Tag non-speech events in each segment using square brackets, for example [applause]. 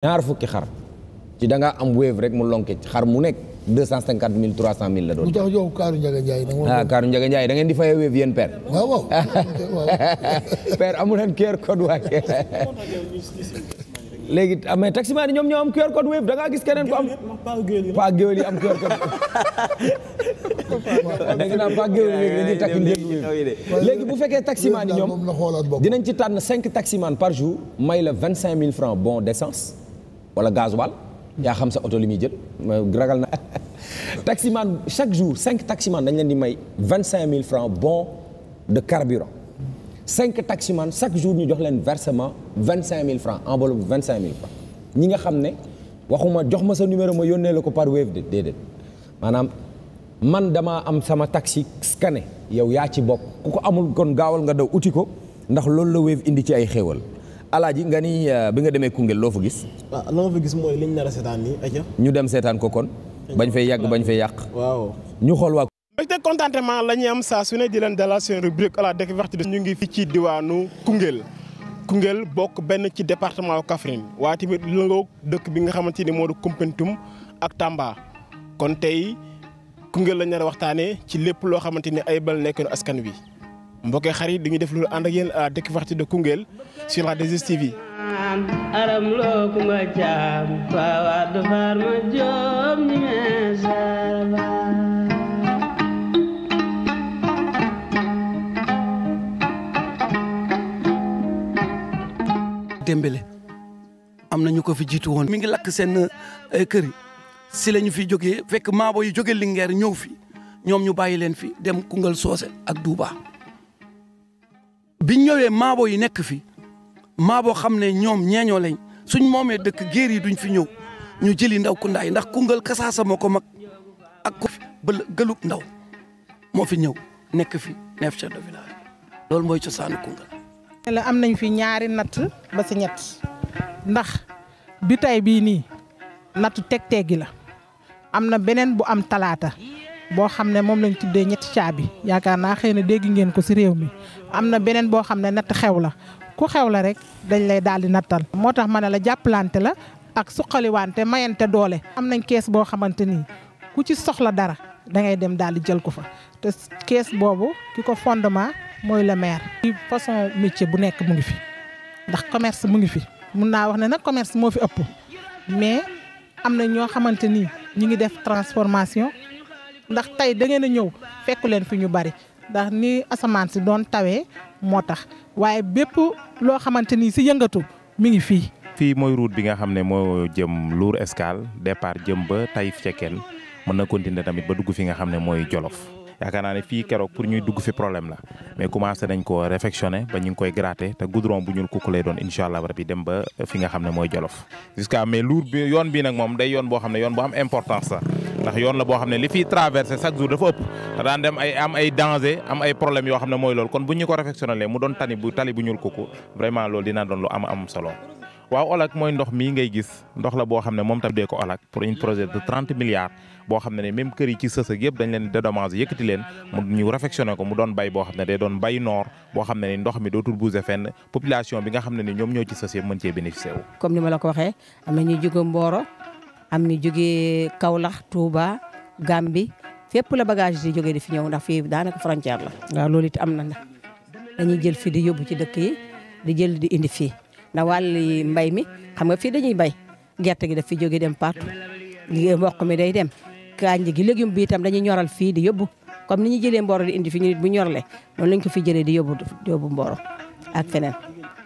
ñaar fukki xar ci da am wéef rek mu lonke xar mu nekk deux cent cinquante mille trois cent la doon. lu tax yow Kaaru Njaga Njaay ah Kaaru Njaga Njaay da ngeen di fayee wéef yéen père. waaw waaw [laughs] père amu leen QR code waay. léegi ah, mais taximan yi ñoom ñoo am QR code wéef gis keneen ko am. pas géwél yi am QR code. dégg naa pas géwél yi dañuy takk njëriñ léegi bu fekkee taximan ñoom dinañ ci tànn cinq taximan par jour may la vingt cinq mille francs bon d'essence wala gasoil yaa xam sa oto li muy jël ragal na [laughs] taximan chaque jour cinq taximan dañ leen di may vingt cinq mille francs bon de carburant cinq taximan chaque jour ñu jox leen versement vingt cinq mille francs enveloppe vingt cinq mille francs ñi nga xam ne waxuma jox ma sa numéro ma yónnee la ko par wave de déedéet maanaam man damaa am sama taxi scanné yow yaa ci bokk ku ko amul kon gaawal nga daw uti ko ndax loolu la wave indi ci ay xéewal alaaji nga ni euh, bi nga demee Koungheul loo fa gis. waaw ah, la ma fa gis mooy liñ nar a seetaan ni ayca. ñu dem seetaan ko kon. bañ fay yàgg bañ fay yàq. waaw ñu xool waa. mbégte contentement la am saa su ne di leen dalal seen rubrique à la découverte de ñu ngi fi ci diwaanu Koungheul. Koungheul bokk benn ci département Kaffrine waaye tamit lëngoo dëkk bi nga xamante ni moo di Koumpentoum ak Tamba kon tey Koungheul la ñu nar waxtaanee ci lépp loo xamante ni ay bal nekk askan wi. mbokkee xarit dañuy def lu ànd ak yéen à découverte de Koungheul sur la 2STV. Dembélé am na ñu ko fi jiitu woon. mi ngi lakk sen eh, kër yi si la ñu fi jógee fekk maabo yi jóge lingeer ñëw fi ñoom ñu bàyyi leen fi dem Koungheul soose ak Duuba. bi ñëwee maabo yi nekk fi boo xam ne ñoom ñeeñoo lañ suñ moomee dëkk géer duñ fi ñëw ñu jëli ndaw kundaay ndax kungal kasaasa moo ko mag ak ko ba gëlub ndaw moo fi ñëw nekk fi neef chef de loolu mooy cosaanu kungal la am nañ fi ñaari natt ba si ñett ndax bi tay bii nii nattu teg teggi la am na beneen bu am talaata boo xam ne moom lañ tuddee ñetti caabi yaakaar naa xëy na dégg ngeen ko si réew mi am na beneen boo xam ne natt xew la ku xew la rek dañ lay daal di nattal. moo tax ma ne la jàppalante la ak suqaliwante mayente doole. am nañ kees boo xamante ni ku ci soxla dara dangay dem daal di jël ko fa te kees boobu ki ko fondement mooy le maire. ci façon métier bu nekk mu ngi fi ndax commerce mu ngi fi mun naa wax ne nag commerce moo fi ëpp mais am na ñoo xamante ni ñu ngi def transformation. ndax tey da ngeen a ñëw fekku leen fi ñu bari ndax ni asamaan si doon tawee moo tax waaye bépp loo xamante ni si yëngatu mu ngi fii. fii mooy route bi nga xam ne mooy jëm Lour Escale départ jëm ba Taïf Cekkeen mën na continuer tamit ba dugg fi nga xam ne mooy Jolof. yaakaar naa ne fii keroog pour ñuy dugg fi problème la mais commencé nañ ko réfectionné ba ñu ngi koy gratter te goudron bu ñuul kooku lay doon incha allah rabi dem ba fi nga xam ne mooy Jolof. jusqu'à mais Lour yoon bi nag moom day yoon boo xam ne yoon bu am importance la. ndax yoon la boo xam ne li fiy traversé chaque jour dafa ëpp te daan dem ay am ay danger am ay problème yoo xam ne mooy loolu kon bu ñu ko réfectionné mu doon tani tali bu ñuul kooku vraiment loolu dina doon lu am am solo. waaw olak mooy ndox mii ngay gis ndox la boo xam ne moom tam dee ko olak pour un projet de trente milliards boo xam ne ne même kër yi ci sës ak yëpp dañ leen dédommage yëkkati leen mu ñu réfectionné ko mu doon bay boo xam ne day doon bay noor boo xam ne ni ndox mi dootul bouger fenn population bi nga xam ne ñoom ñoo ci sës yëpp mën am ñu jógee Kaolack Touba Gambie fépp la bagage di jógee di fi ñëw ndax fii daanaka frontière la. waaw loolu am na nag dañuy jël fii di yóbbu ci dëkk yi di jël di indi fi na wàllu mbay mi xam nga fii dañuy bay gerte gi daf fi jógee dem partout liggéey mboq mi day dem kànji gi légume bi itam dañuy ñoral fii di yóbbu comme ni ñu jëlee mboro di indi fi ñu nit bu ñorle noonu lañ ko fi jëlee di yóbbu di yóbbu mbooro ak feneen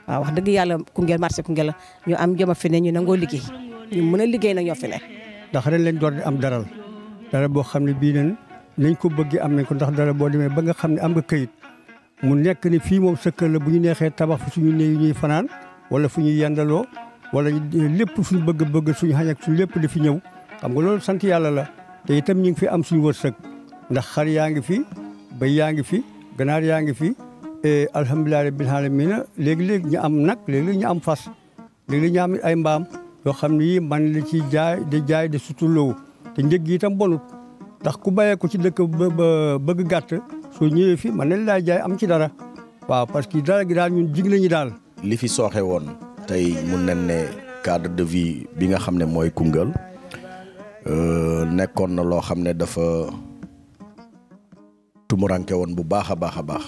waaw wax dëgg yàlla Koungheul marché Koungheul la ñu am joma fi ne ñu nangoo liggéey ñu mën a liggéey na ñoo fi ne. ndax ren lañ door di am daral dara boo xam ne bii nañ nañ ko bëgg am nañ ko ndax dara boo demee ba nga xam ne am nga këyit mu nekk ni fii moom sa la bu ñu neexee tabax fi suñu néew ñuy fanaan wala fu ñuy yendaloo wala lépp suñu bëgg-bëgg suñu xañ ak suñu lépp di fi ñëw xam nga loolu sant yàlla la te itam ñu ngi fi am suñu wërsëg ndax xar yaa ngi fi bay yaa ngi fi ganaar yaa ngi fi e, alhamdulilah rabbil alamin léegi léeg ñu am nag léegi ñu am fas léegi ay mbaam yoo xam ni man la ci jaay di jaay di suturloo te njëg itam bonut ndax ku bàyyee ko ci dëkk ba bëgg gàtt soo ñëwee fi man nañ laa jaay am ci dara waaw parce que dara gi daal ñun jig nañu daal. li fi sooxe woon tey mun nañ ne cadre de vie bi nga xam ne mooy Koungheul euh, nekkoon na loo xam ne dafa tumuranke woon bu baax a baax a baax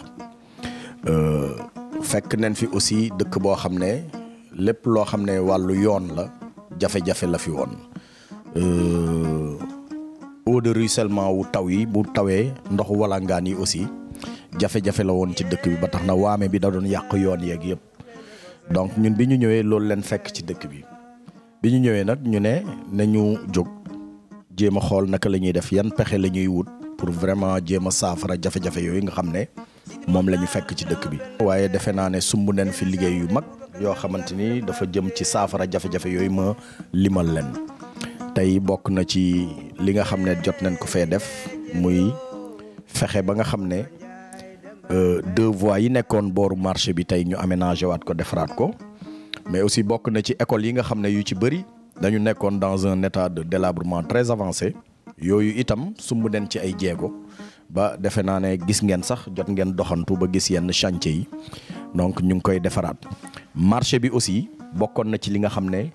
euh, fekk nañ fi aussi dëkk boo xam ne lépp loo xam ne wàllu yoon la. jafe-jafe la fi woon euh, eau de ruissellement wu taw yi bu tawee ndoxu ngaan yi aussi jafe-jafe la woon ci dëkk bi ba tax na waame bi da doon yàq yoon yeeg yëpp donc ñun bi ñu ñëwee loolu leen fekk ci dëkk bi bi ñu ñëwee nag ñu ne nañu jóg jéem a xool naka la ñuy def yan pexe la ñuy wut pour vraiment jéem a saafara jafe-jafe yooyu nga xam ne moom la ñu fekk ci dëkk bi. waaye defe naa ne sumb nañ fi liggéey yu mag yoo xamante ni dafa jëm ci saafara jafe-jafe yooyu ma limal leen tey bokk na ci li nga xam ne jot nañ ko fee def muy fexe ba nga xam ne euh, deux voies yi nekkoon booru marché bi tey ñu aménagé waat ko defaraat ko mais aussi bokk na ci école yi nga xam ne yu ci bëri dañu nekkoon dans un état de délabrement très avancé yooyu itam sumb nañ ci ay jéego. ba defe naa ne gis ngeen sax jot ngeen doxantu ba gis yenn chantier yi donc ñu ngi koy defaraat marché bi aussi bokkoon na ci li nga xam ne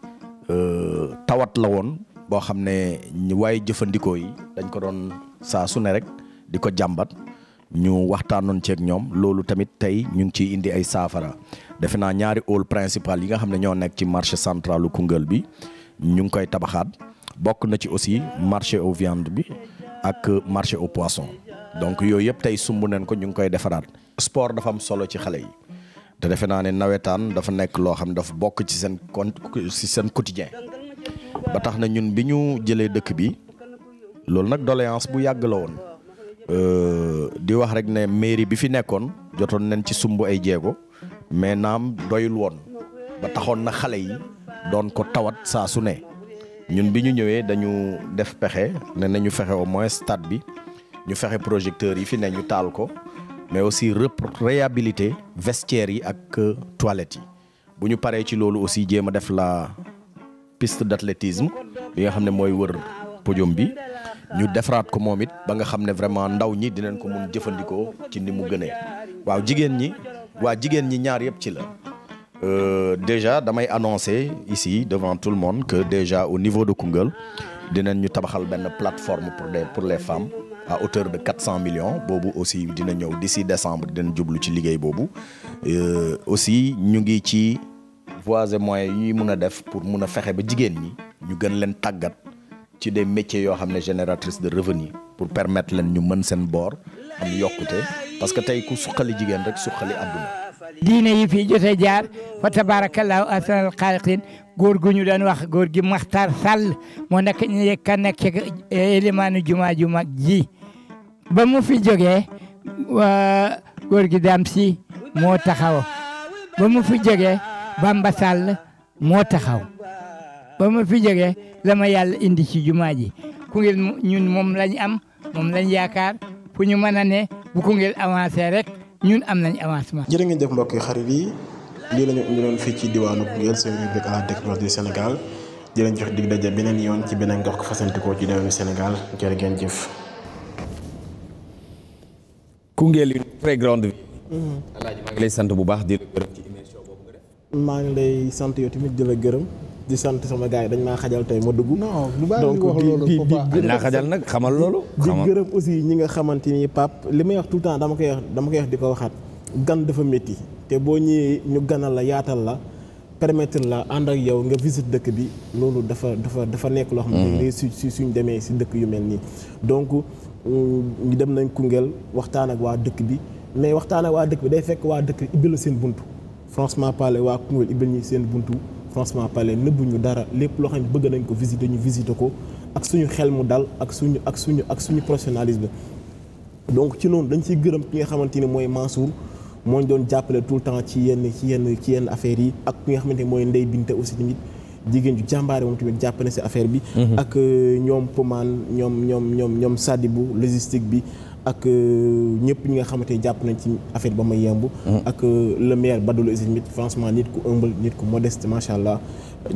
euh, tawat la woon boo xam ne waaye jëfandikoo yi dañ ko doon saa su ne rek di ko jàmbat ñu waxtaanoon ceeg ñoom loolu tamit tey ñu ngi ciy indi ay saafara defe naa ñaari hall principal yi nga xam ne ñoo nekk ci marché centralu Koungheul bi ñu ngi koy tabaxaat bokk na ci aussi marché aux viandes bi ak marché aux poissons donc yooyu yëpp tey sumb nañ ko ñu ngi koy defaraat sport dafa am solo ci xale yi te defe naa ne nawetaan dafa nekk loo xam dafa bokk ci seen compte ci seen quotidien ba tax na ñun bi ñu jëlee dëkk bi loolu nag doléance bu yàgg la woon euh, di wax rek ne mairie bi fi nekkoon jotoon nañ ci sumb ay jéego mais naam doyul woon ba taxoon na xale yi doon ko tawat saa su ne ñun bi ñu ñëwee dañu def pexe ne nañu fexe au moins stade bi ñu fexe projecteurs yi fi ne ñu taal ko mais aussi réhabiliter vestiaires yi ak euh, toilettes yi bu ñu paree ci loolu aussi jéem a def la piste d'athlétisme bi nga xam ne mooy wër podium bi ñu defaraat ko moom it ba nga xam ne vraiment ndaw ñi dinañ ko mun jëfandikoo ci ni mu gënee waaw jigéen ñi waa jigéen ñi ñaar yëpp ci la euh, déjà damay annoncer ici devant tout le monde que déjà au niveau de Koungheul dinañ ñu tabaxal benn plateforme pour les pour les femmes à hauteur de 400 millions boobu aussi dina ñëw d'ici décembre dina jublu ci liggéey boobu euh, aussi ñu ngi ci voies et moyens yi ñuy mun a def pour mun a fexe ba jigéen ñi ñu gën leen tàggat ci des métiers yoo xam ne génératrice de revenu pour permettre leen ñu mën seen boor am yokkute parce que tey ku suqali jigéen rek suqali àdduna diine yi fii jotee jaar fa tabaarakallaahu ahsanal xaaliqiin góor gu ñu daan wax góor gi Maxtaar Sall moo nekk ka nekk élimaanu eh, jumaa ju mag ji ba mu fi jógee góor gi daam si moo taxaw ba mu fi jóge Bamba Sall moo taxaw ba mu fi jógee la ma yàlla indi ci jumaa ji Koungheul ñun moom lañ am moom lañ yaakaar fu ñu mën a ne bu Koungheul avancé rek ñun am nañ avancement. jërë ngeen jëf mbokk yi xarit yi lii la ñu indiloon fii ci diwaanu Koungheul seen rubrique à la découverte du Sénégal di leen jox dig daje beneen yoon ci beneen gox fasantikoo ci diwaanu Sénégal jërë ngeen jëf. Koungheul une très grande ville. Alaaji maa ngi lay sant bu baax di la gërëm ci émission boobu nga def. maa di sant sama gars yi dañ maa xajal tey ma dugg. non lu baax donc di di naa xajal nag xamal loolu. xamal di gërëm aussi ñi nga xamante ni Pape li may wax tout le temps dama ko wax dama koy wax di ko waxaat. gan dafa métti te boo ñëwee ñu ganal la yaatal la permettre la ànd ak yow nga visite dëkk bi loolu dafa dafa dafa nekk loo xam ne. Mm. suñ demee si dëkk yu mel nii ñu dem nañ Koungheul waxtaan ak waa dëkk bi mais waxtaan ak waa dëkk bi day fekk waa dëkk ibbil la seen buntu franchement parler waa Koungheul ibbil ñi seen buntu franchement parler nëbbu ñu dara lépp loo xam ne bëgg nañ ko visiter ñu visiter ko ak suñu xel mu dal ak suñu ak suñu ak suñu professionnalisme donc ci noonu dañ ciy gërëm ki nga xamante ni mooy Mansour moo ñu doon jàppale tout le temps ci yenn ci yenn ci yenn affaires yi ak ki nga xamante ni mooy Ndeye Binte aussi tamit jigéen ju jàmbaare moom tamit jàppale si affaire bi. Mhm. ak euh, ñoom Pomane ñoom ñoom ñoom ñoom Sadibou logistique bi. ak euh, ñëpp ñi nga xamante ne jàpp nañ ci affaire ba may yemb. Mhm. ak euh, le maire Badolo Ismit franchement nit ku humble nit ku modeste macha allah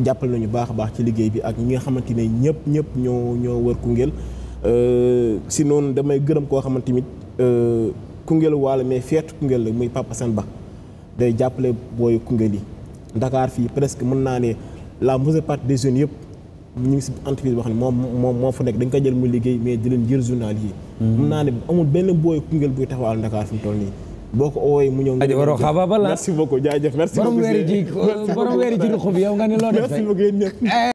jàppale nañu baax a baax ci liggéey bi ak ñi nga xamante ne ñëpp ñëpp ñoo war wër Koungheul. si noonu damay gërëm koo xamante ni Koungheul waala mais feetu Koungheul la muy Papa Ba day jàppale booy Koungheul yi Dakar fii presque mën naa ne. la majeure partie des jeunes yëpp ñu ngi si entreprise boo xam ne moom moom moo fa nekk dañ ko jël mu liggéey mais di leen jël journal yi. Mhm. mun naa ne amul benn booy kungeel buy taxawal Dakar fi mu toll nii. boo ko oowee mu ñëw. aji waroo xaabaabal la merci beaucoup jaajëf merci beaucoup borom weeri ji borom weeri ji nga ne loo def merci